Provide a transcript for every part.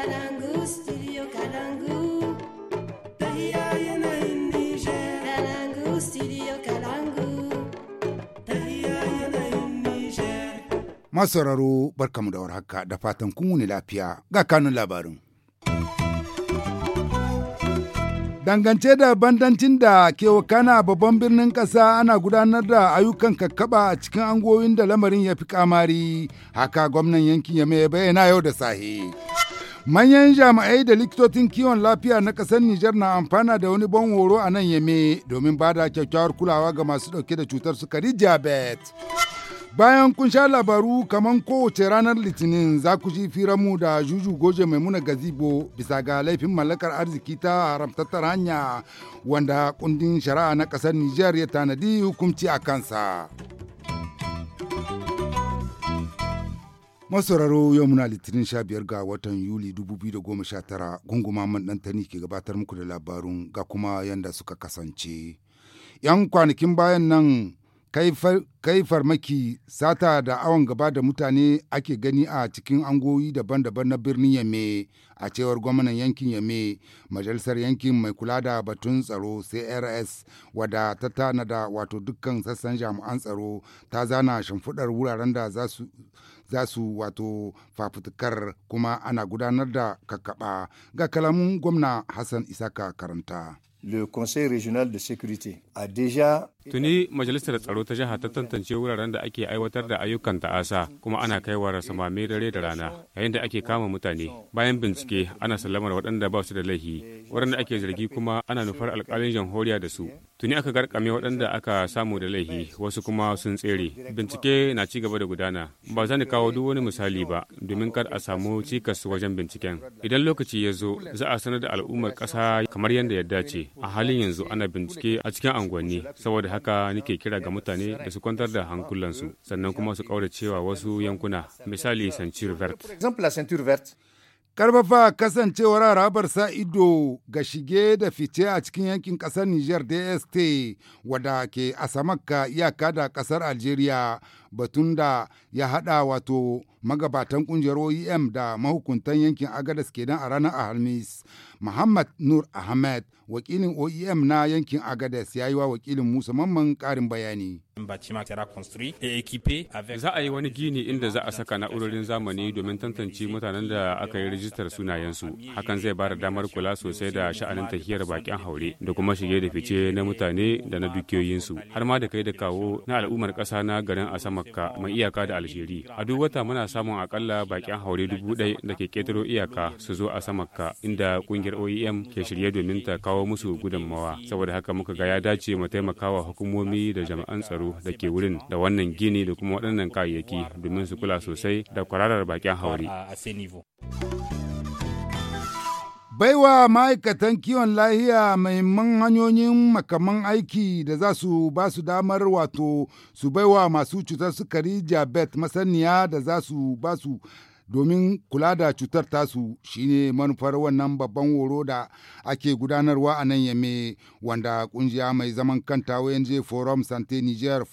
Kalangu, studio Kalangu. barkamu da warhaka da fatan kun wuni lafiya ga kanun labarin. Dangance da bandancin da ke wakana babban birnin ƙasa ana gudanar da ayyukan kakkaba a cikin angoyin da lamarin ya fi kamari, haka gwamnan yankin ya mai bayyana yau da sahi. manyan jami'ai da likitocin kiwon lafiya na ƙasar Nijar na amfana da wani ban horo a nan yame domin ba da kyakkyawar kulawa ga masu ɗauke da cutar sukari diabetes. Bayan kun sha labaru kamar kowace ranar Litinin za ku ji mu da Juju Goje Maimuna Gazibo bisa ga laifin mallakar arziki ta haramtattar hanya wanda kundin shari'a na ƙasar Nijar ya tanadi hukunci a kansa. masauraro yau muna litinin sha biyar ga watan yuli 2019 gunguma man ɗantani ke gabatar muku da labarun ga kuma yanda suka kasance yan kwanakin bayan nan kai farmaki sata da awon gaba da mutane ake gani a cikin angoyi daban-daban na birnin yame a cewar gwamnan yankin yame majalisar yankin mai kula da batun tsaro crs wadda ta tana da wato dukkan sassan jami'an tsaro ta zana shimfiɗar wuraren da za su wato fafutukar kuma ana gudanar da kakkaɓa ga kalamun gwamna hassan isaka karanta. le conseil régional de sécurité a déjà Tuni Majalisar Tsaro ta jiha ta tantance wuraren da ake aiwatar da ayyukan ta'asa kuma ana kaiwa samami dare da rana yayin da ake kama mutane. Bayan bincike ana sallamar waɗanda ba su da laifi, waɗanda ake zargi kuma ana nufar alƙalin jamhuriya da su. Tuni aka garkame waɗanda aka samu da laifi wasu kuma sun tsere. Bincike na ci gaba da gudana. Ba za ni kawo duk wani misali ba domin kar a samu cikas wajen binciken. Idan lokaci ya zo za a sanar da al'ummar ƙasa kamar yadda ya dace. A halin yanzu ana bincike a cikin unguwanni saboda haka nake kira ga mutane da su kwantar da hankulansu sannan kuma su cewa wasu yankuna misali centur Vert. Karfafa kasancewar harabar sa ido ga shige da fice a cikin yankin kasar niger da DST wada ke a samakka iyaka da kasar Algeria batun da ya haɗa wato magabatan ƙungiyar OEM da mahukuntan yankin Agadas kenan a ranar Alhamis. Muhammad Nur Ahmed, wakilin OEM na yankin Agadas ya yi wa wakilin Musa Mamman ƙarin bayani. Za a yi wani gini inda za a saka na'urorin zamani domin tantance mutanen da aka yi rijistar sunayensu. Hakan zai ba da damar kula sosai da sha'anin tafiyar bakin haure da kuma shige da fice na mutane da na dukiyoyinsu har ma da kai da kawo na al'ummar ƙasa na garin Asama makka mai iyaka da alsheri a duk wata muna samun akalla bakin haure dubu ɗaya da ke ƙetaro iyaka su zo a samakka inda kungiyar oem ke shirye domin ta kawo musu gudunmawa saboda haka muka ga ya dace mu taimakawa hukumomi da jami'an tsaro da ke wurin da wannan gini da kuma waɗannan kayayyaki domin su kula sosai da kwararar bakin haure. baiwa ma'aikatan kiwon lahiya mahimman hanyoyin makaman aiki da za su ba su damar wato su baiwa masu cutar sukari jabet masaniya da za su ba su domin kula da cutar tasu shine manufar wannan babban horo da ake gudanarwa a nan yame wanda kungiya mai zaman kanta ONG Forum Sante Niger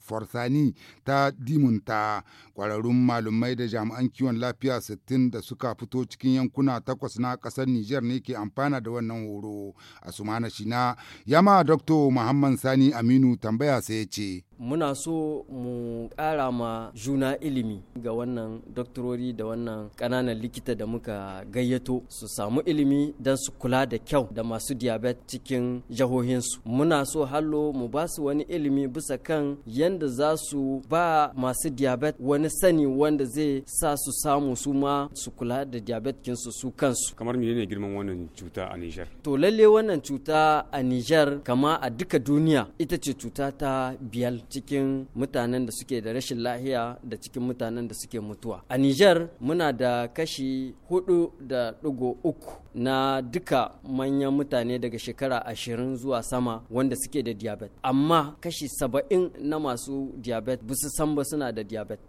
Forsani ta dimunta kwararrun malumai da jami'an kiwon lafiya 60 da suka fito cikin yankuna takwas na kasar Niger ne ke amfana da wannan horo. sumana Shina, yama Dr. Muhammad Sani Aminu tambaya sai ce. muna so mu ƙara ma juna ilimi ga wannan doktorori da wannan ƙananan likita da muka gayyato su samu ilimi don su kula da kyau da masu diabet cikin jahohinsu muna so hallo mu ba su wani ilimi bisa kan yadda za su ba masu diabet wani sani wanda zai sa su samu su ma su kula da diabet kinsu su kansu kamar menene girman wannan cuta a Niger to lalle wannan cuta a Nijar kama a duka duniya ita ce cuta ta biyal cikin mutanen da suke da rashin lahiya da cikin mutanen da suke mutuwa a nijar muna da kashi hudu da digo uku na duka manyan mutane daga shekara ashirin zuwa sama wanda suke da diabet amma kashi saba'in na masu diabet bisu san ba suna da diabet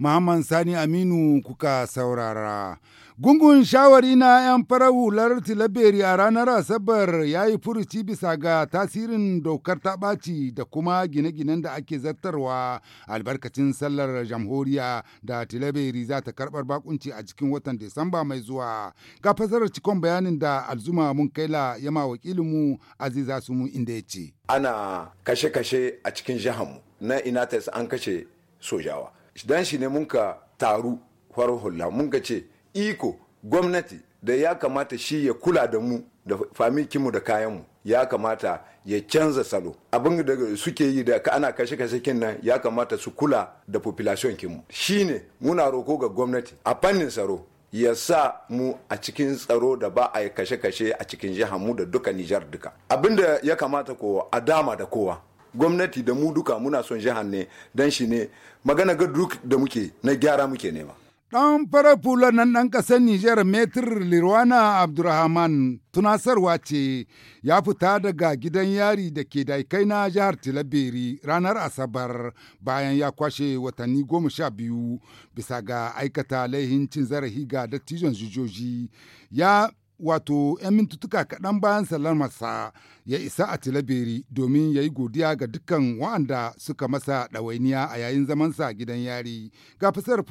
Muhammad Sani Aminu kuka saurara. Gungun shawari na 'yan farar hular tilaberi a ranar Asabar ya yi furuci bisa ga tasirin dokar taɓaci da kuma gine-ginen da ake zartarwa albarkacin sallar jamhuriya da tilaberi za ta karɓar bakunci a cikin watan Disamba mai zuwa. Ga fasarar cikon bayanin da alzuma mun kaila yama wakilinmu Aziza Sumu inda ya ce. Ana kashe-kashe a cikin jihanmu na Inates an kashe sojawa. dan shi ne munka taru farar hula munka ce iko gwamnati da ya kamata shi ya kula da mu da famikinmu da kayanmu ya kamata ya canza salo abin da suke yi da ana kashe kashe kin nan ya kamata su kula da population kinmu ne muna roko ga gwamnati a fannin tsaro ya sa mu a cikin tsaro da ba a kashe kashe a cikin jihar mu da duka Nijar duka abin da ya kamata kowa a dama da kowa gwamnati da mu duka muna son jihar ne dan shi ne magana ga duk da muke na gyara muke nema dan fara fula nan dan ƙasar Nijar Metir Lirwana Abdurrahman tunasarwa ce ya fita daga gidan yari da ke daikai na jihar Tilaberi ranar Asabar bayan ya kwashe watanni goma sha biyu bisa ga aikata laihin cin zarafi ga dattijon jujoji ya wato 'yan mintutuka kaɗan bayan masa ya isa a tilabiri domin ya yi godiya ga dukkan wa'anda suka masa ɗawainiya a yayin zamansa gidan yari ga fasar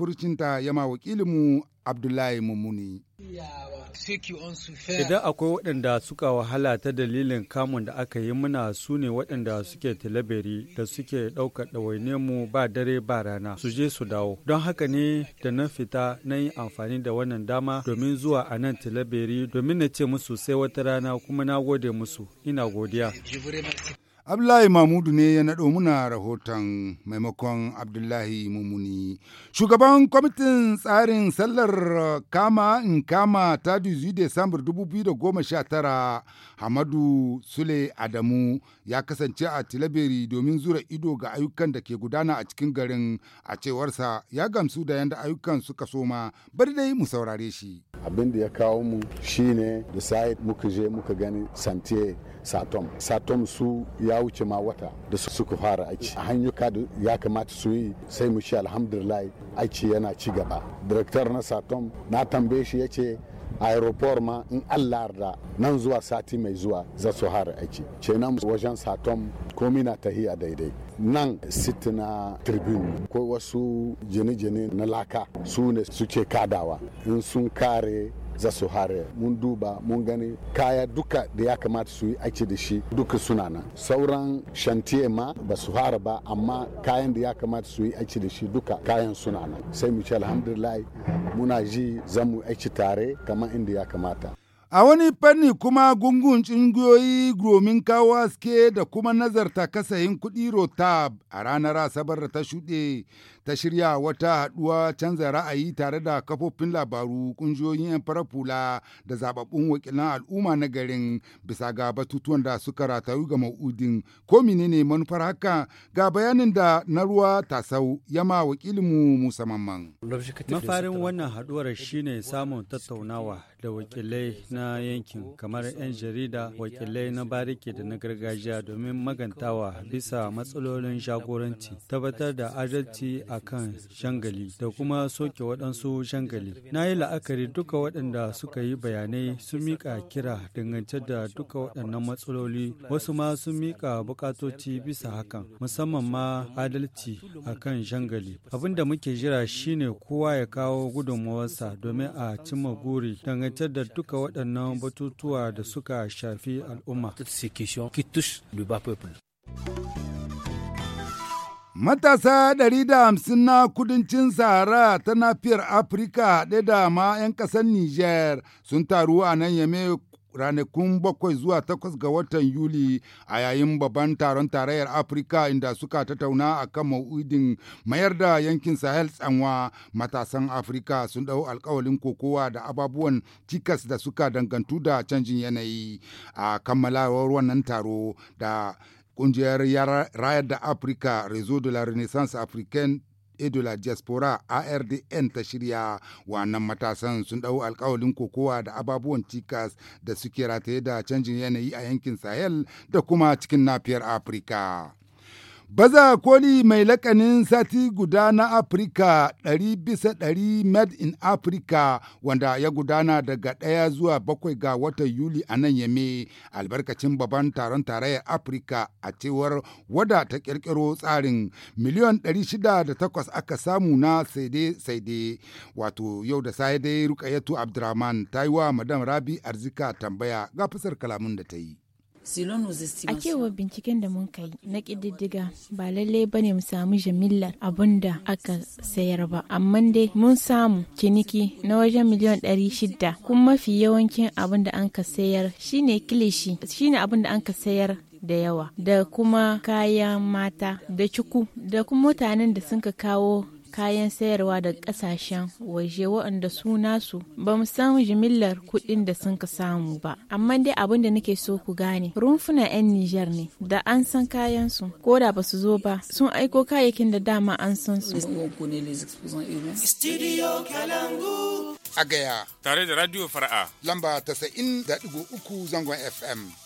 ya ma wakilinmu Abdullahi Mumuni. Idan akwai waɗanda suka wahala ta dalilin kamun da aka yi muna su ne waɗanda suke talabari da suke ɗaukar ɗawaine mu ba dare ba rana su je su dawo. Don haka ne da na fita na yi amfani da wannan dama domin zuwa a nan talabari domin na ce musu sai wata rana kuma na gode musu ina godiya. Abdullahi Mamudu ne ya naɗo muna rahoton maimakon Abdullahi Mumuni. Shugaban kwamitin tsarin sallar kama in kama ta Desambar 2019 Hamadu Sule Adamu ya kasance a Tilaberi domin zura ido ga ayyukan da ke gudana a cikin garin a cewarsa ya gamsu da yadda ayyukan suka soma bari dai mu saurare shi. Abin da ya kawo mu shine da muka je muka gani santiye satom satom su ya wuce ma wata da suka fara aiki a hanyuka da ya kamata su yi sai mu shi alhamdulillah aiki yana ci gaba direktar na satom na tambaye shi ya ce aeroport ma in allah da nan zuwa sati mai zuwa za su hara aiki nan wajen satom komi na tahiya daidai nan Sitina na tribune ko wasu jini-jini na laka su ne suke kadawa in sun kare za su hare mun duba mun gani kaya duka da ya kamata su yi aiki da shi duka suna nan sauran shantiye ma ba su hare ba amma kayan da ya kamata su yi aiki da shi duka kayan suna nan sai mu ce alhamdulillah muna ji zan mu aiki tare kamar inda ya kamata A wani fanni kuma gungun cingiyoyi domin kawo haske da kuma nazarta kasayin kuɗi rotab a ranar Asabar da ta shuɗe ta shirya wata haɗuwa canza ra'ayi tare da kafofin labaru ƙungiyoyin 'yan farafula da zababbun wakilan al'umma na garin bisa ga batutuwan da suka ratayu ga ma'udin ko menene manufar haka ga bayanin da na ruwa tasau yama wakilinmu musa mamman. mafarin wannan haɗuwar shine samun tattaunawa da wakilai na yankin kamar 'yan jarida wakilai na bariki da na gargajiya domin magantawa bisa matsalolin jagoranci tabbatar da adalci a akan shangali da kuma soke waɗansu shangali. Na yi la'akari duka waɗanda suka yi bayanai sun miƙa kira dangance da duka waɗannan matsaloli wasu ma sun miƙa buƙatoci bisa hakan musamman ma adalci a kan shangali. Abin da muke jira shine kowa ya kawo gudunmawarsa domin a cimma guri dangance da duka waɗannan batutuwa da suka shafi al'umma. Matasa da hamsin na kudancin Sahara ta nafiyar Afirka haɗe da ma 'yan ƙasar Nijar sun taru a nan yame ranakun bakwai zuwa takwas ga watan Yuli a yayin babban taron tarayyar Afirka inda suka tattauna a kan ma'udin mayar da yankin Sahel tsanwa matasan Afirka sun ɗau alkawalin kokowa da ababuwan cikas da suka dangantu da canjin yanayi a kammalawar wannan taro da Ƙungiyar raya da Afirka Rezo de la Renaissance Africaine et de la Diaspora ARDN ta shirya wannan matasan sun ɗau alkawalin kokowa da ababuwan tikas da suke rataye da canjin yanayi a yankin Sahel da kuma cikin nafiyar Afirka. Baza koli mai lakanin sati guda na Afirka 100 bisa 100 Made in Africa wanda ya gudana daga ɗaya zuwa bakwai ga watan Yuli a nan Yame albarkacin babban taron tarayyar Afirka a cewar wada ta ƙirƙiro tsarin miliyon 608 aka samu na saide-saide wato yau da sai dai Rukayatu Abdurrahman ta yi wa Madam Rabi Arzika tambaya ga fasar kalamun da ta yi. A wa binciken da mun kai na ƙididdiga ba lallai ba ne mu samu jamilar abun da aka sayar ba, amma dai mun samu ciniki na wajen miliyan ɗari shida kuma mafi yawancin abun da an ka sayar shine kilishi shine abun da an ka sayar da yawa da kuma kayan mata da cuku da kuma mutanen da sun ka kawo kayan sayarwa daga kasashen waje waɗanda su nasu ba mu san jimillar kuɗin da sun ka samu ba amma dai abin da nake so ku gane rumfuna 'yan Nijar ne da an san kayan su ko da ba su zo ba sun aiko kayayyakin da dama an san su a gaya tare da radio fara'a lamba 93.3 zangon FM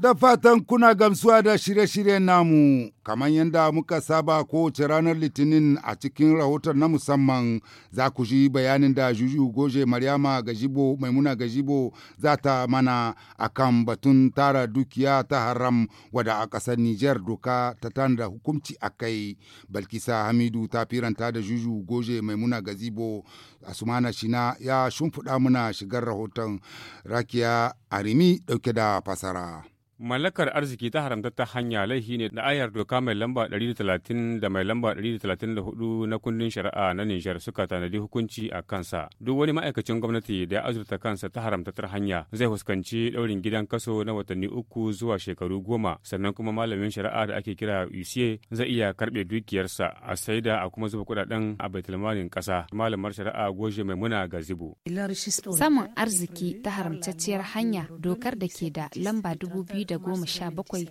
Da fatan kuna gamsuwa da shirye-shiryen namu, kamar yadda muka saba kowace ranar Litinin a cikin rahoton na musamman za ku ji bayanin da Juju Goje Maryama Gajibo Maimuna Gajibo za ta mana a kan batun tara dukiya ta haram wada a ƙasar Nijar doka ta tanda hukumci a kai. Balkisa Hamidu ta firanta da Juju Goje Maimuna Gajibo Asumana Shina ya shimfiɗa muna shigar rahoton Rakiya Arimi ɗauke da fasara. Mallakar arziki ta ta hanya laifi ne da ayar doka mai lamba 130 da mai lamba 134 na kundin shari'a na Nijar suka tanadi hukunci a kansa. Duk wani ma'aikacin gwamnati da ya azurta kansa ta haramtattar hanya zai fuskanci daurin gidan kaso na watanni uku zuwa shekaru goma sannan kuma malamin shari'a da ake kira UCA zai iya karbe dukiyarsa a saida a kuma zuba kudaden a baitulmalin kasa. Malamar shari'a Goje ga zibo Samun arziki ta haramtacciyar hanya dokar da ke da lamba 2000 da goma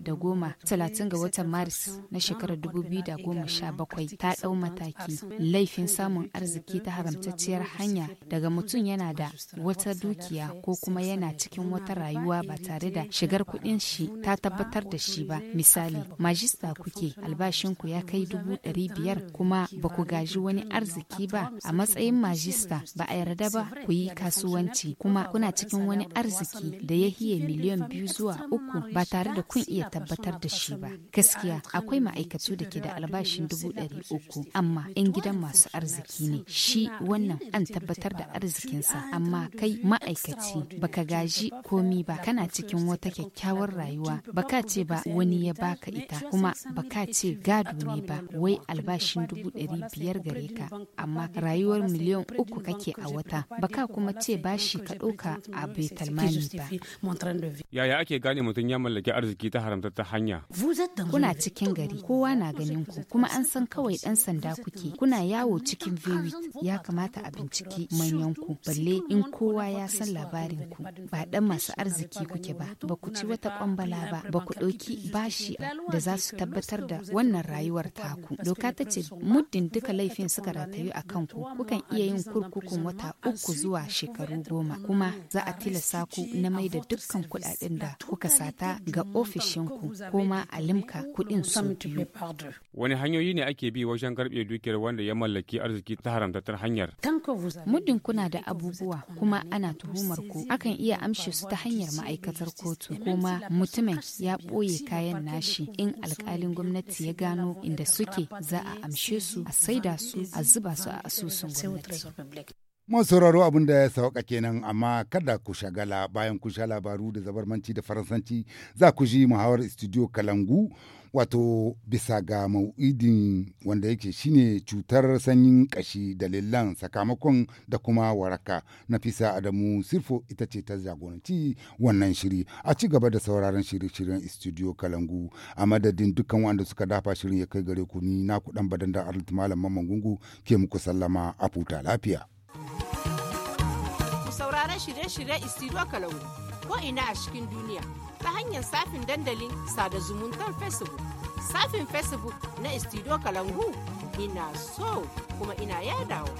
da goma talatin ga watan maris na shekarar dubu da goma sha bakwai ta ɗau mataki laifin samun arziki ta haramtacciyar hanya daga mutum yana da wata dukiya ko kuma yana cikin wata rayuwa ba tare da shigar kuɗin shi ta tabbatar da shi ba misali majista kuke albashinku ya kai dubu ɗari biyar kuma ba ku gaji wani arziki ba a matsayin majista ba a yarda ba ku yi kasuwanci kuma kuna cikin wani arziki da ya hiye miliyan biyu zuwa uku ba tare da kun iya tabbatar da shi ba gaskiya akwai ma'aikatu da ke da albashin dubu ɗari uku amma in gidan masu arziki ne shi wannan an tabbatar da arzikinsa amma kai ma'aikaci baka gaji komi ba kana cikin wata kyakkyawar rayuwa baka ce ba wani ya baka ita kuma baka ce gado ne ba wai albashin dubu ɗari biyar gare ka amma rayuwar miliyan uku kake a wata baka kuma ce bashi ka ɗauka a betalmani ba yaya ake gane mutum ya ya mallaki arziki ta haramta ta hanya. Kuna cikin gari, kowa na ganin ku, kuma an san kawai ɗan sanda kuke. Kuna yawo cikin v ya kamata a binciki manyan ku, balle in kowa ya san labarin ku. Ba ɗan masu arziki kuke ba, ba ku ci wata ƙwambala ba, ba ku ɗauki bashi da za su tabbatar da wannan rayuwar taku. Doka ta ce muddin duka laifin suka ratayu a kan ku kukan iya yin kurkukun wata uku zuwa shekaru goma, kuma za a tilasta ku na mai da dukkan kuɗaɗen da kuka sata isa ga ofishinku ko ma a limka kuɗin su biyu. Wani hanyoyi ne ake bi wajen karɓe dukiyar wanda ya mallaki arziki ta haramtattar hanyar? Muddin kuna da abubuwa kuma ana tuhumar ku akan iya amshe su ta hanyar ma'aikatar kotu kuma mutumin ya ɓoye kayan nashi in alkalin gwamnati ya gano inda suke za a amshe su a saida su a zuba su a asusun gwamnati. Mun sauraro abin da ya sauka kenan amma kada ku shagala bayan ku sha labaru da zabarmanci da faransanci za ku ji muhawar studio Kalangu wato bisa ga mau'idin wanda yake shine cutar sanyin kashi dalilan sakamakon da kuma waraka nafisa adamu sirfo ita ce ta jagoranci wannan shiri a ci gaba da sauraron shirye-shiryen studio kalangu a madadin dukkan wanda suka dafa shirin ya kai gare ku ni na kudan badan da arlit malam mamman gungu ke muku sallama a futa lafiya Ku saurara shirye-shirye Istiduwa Kalangu ko ina a cikin duniya ta hanyar safin dandalin sada zumuntar Facebook. Safin Facebook na Istiduwa Kalangu ina so kuma ina yadawa.